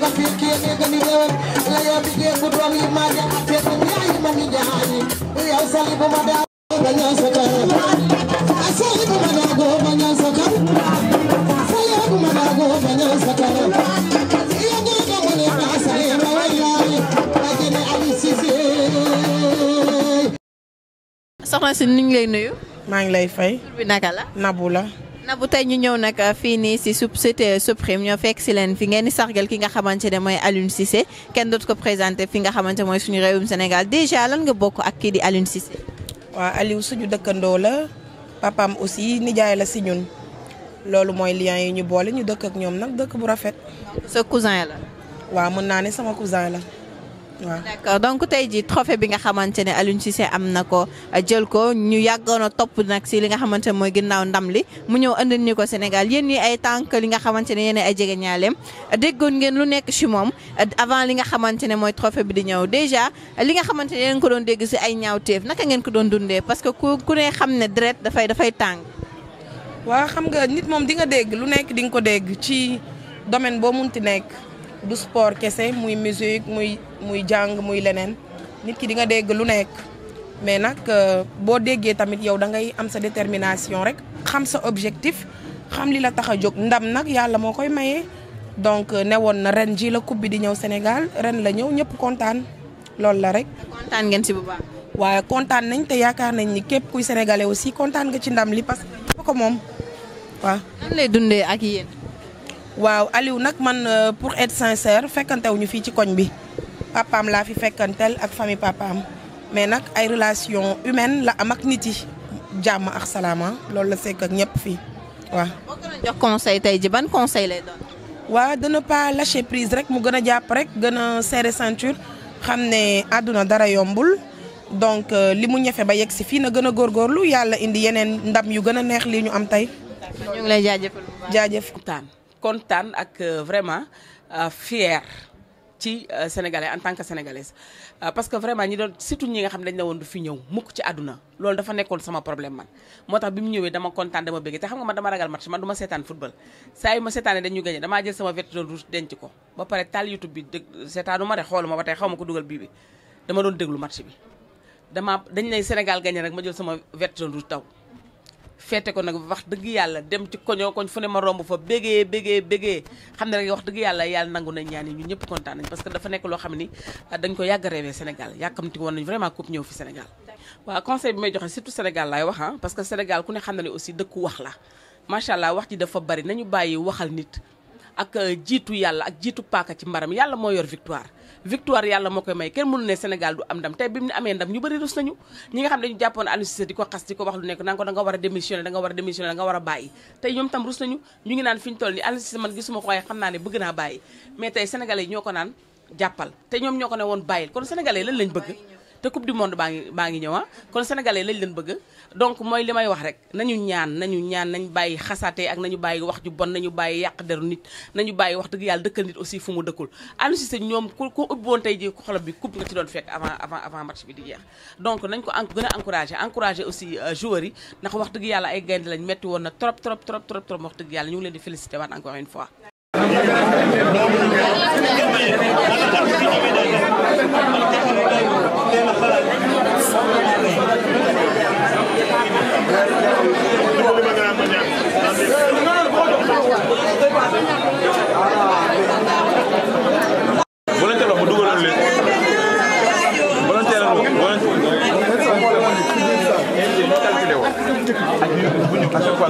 ga fikki ne ga ni rewen la ya bi ge ku doom yi ma ja ate ko mi ma ni ah, jaani yow soxna si ñu lay nuyu maa ngi lay fay tur bi naka la Nabou la na bu tey ñu ñëw nag fii nii si Cité Suprême ñoo fekk si leen fi ngeen di sargal ki nga xamante ne mooy Aliou Cissé kenn dootu ko présenté fi nga xamante mooy suñu réewum Sénégal déjà lan nga bokk ak kii di Aliou Cissé. waaw Aliou suñu dëkkandoo la papaam aussi nijaay la si ñun loolu mooy lien yi ñu boole ñu dëkk ak ñoom nag dëkk bu rafet. sa cousin la. waaw mën naa ne sama cousin la. d'accord donc tey ji trophée bi nga xamante ne ci Cissé am na ko euh, jël ko ñu yàggoon topp nag si li nga xamante ne mooy ginnaaw ndam li mu ñëw andil ñu ko Sénégal yéen ñi ay tànk li nga xamante ne yéen ay jege ñaaleem déggoon lu nekk si moom euh, avant li nga xamante ne mooy trophée bi di ñëw déjà li nga xamante ne yéen ko doon dégg si ay ñaawteef naka ngeen ko doon dundee parce que ku ku ne xam ne deret dafay dafay tàng. waaw xam nga nit moom di nga dégg lu nekk di nga ko dégg ci domaine boo mun ti nekk. du sport kese muy musique muy muy jàng muy leneen nit ki di nga dégg lu nekk mais nag euh, boo déggee tamit yow da ngay am sa détermination rek xam sa objectif xam li la tax a jóg ndam nag yàlla moo koy mayee donc euh, ne woon na ren ji la coupe bi di ñëw Sénégal ren la ñëw ñëpp kontaan loolu la rek. kontaan ngeen si bu baax. kontaan nañ te yaakaar nañ ni képp kuy sénégalais aussi kontaan nga ci ndam li parce que ñëpp ko moom waaw. lay dundee ak yéen. waaw Aliou nag man euh, pour être sincère fekkantew ñu fii ci koñ bi papaam laa fi fekkantel ak famille papaam mais nag ay relation humaine la am ak nit yi jàmm ak salaama ah, loolu la sekk ak ñëpp fii waaw. boo jox conseil tey ji ban conseil lay doon. waaw de ne pas lâcher prise rek mu gën a jàpp rek gën a serrer ceinture xam ne àdduna dara yombul donc euh, li mu ñefe ba yegg si fii na gën a góorgóorlu yàlla indi yeneen ndam yu gën a neex lii ñu am tey. ñu lay jaajëfal bu kontaan ak euh, vraiment euh, fier ci euh, sénégalais en tant que sénégalaise parce que vraiment ñi doon surtout ñi nga xam dañ la woon du fi ñëw mukk ci àdduna loolu dafa nekkoon sama problème man moo tax bi mu ñëwee dama kontaan dama bëgg te xam nga ma dama ragal match man du ma seetaan football saa yu ma seetaanee dañu gagné damaa jël sama vert jaune rouge denc ko ba pare taal youtube bi dëgg seetaanu ma de xooluma ba tey xaw ma ko dugal bii bi dama doon déglu match bi dama dañ lay Sénégal gagné rek ma jël sama vert jaune taw feete ko nag wax dëgg yàlla dem ci koñoo koñ fu ne ma romb fa bégee bégee bégee xam ne rek wax dëgg yàlla yàlla nangu nañ ñaan yi ñun ñëpp kontaan nañ parce que dafa nekk loo xam ni ah, dañ ko yàgg a Sénégal yàkkamti woon nañ vraiment coupe ñëw fi Sénégal waaw conseil bi may joxe surtout Sénégal laay wax am ah, parce que Sénégal ku ne xam na ne aussi dëkku wax la macha allah wax ji dafa bari nañu bàyyi waxal nit ak ah, jiitu yàlla ak jiitu paaka ci mbaram yàlla moo yor victoire yàlla moo koy may kenn mënu ne Sénégal du am ndam tey bi mu amee ndam ñu bëri rus nañu ñi nga xam ne dañu jàppoon Aliou Cissé di ko xas di ko wax lu nekk naan war a démissionné war a démissionné da nga war a bàyyi tey ñoom tam rus nañu ñu ngi naan fi toll ni Aliou Cissé man gisuma ko waaye xam naa ne bëgg naa bàyyi mais tey sénégalais yi ñoo ko naan jàppal te ñoom ñoo ko ne woon bàyyil kon sénégalais lan lañ bëgg te coupe du monde baa ngi baa ngi ñëw ah kon sénégalais lañ leen bëgg donc mooy li may wax rek nañu ñaan nañu ñaan nañ bàyyi xasaate ak nañu bàyyi wax ju bon nañu bàyyi yàq deru nit nañu bàyyi wax dëgg yàlla dëkkal nit aussi fu mu dëkkul Aliou Cissé ñoom ku ku ubbi woon tey ji xolam bi coupe nga ci doon fekk avant avant match bi di jeex donc nañ ko en gën a encouragé aussi euh, joueurs yi ndax wax dëgg yàlla ay gaynde lañ metti woon na trop trop trop trop trop wax dëgg yàlla ñu ngi leen di félicité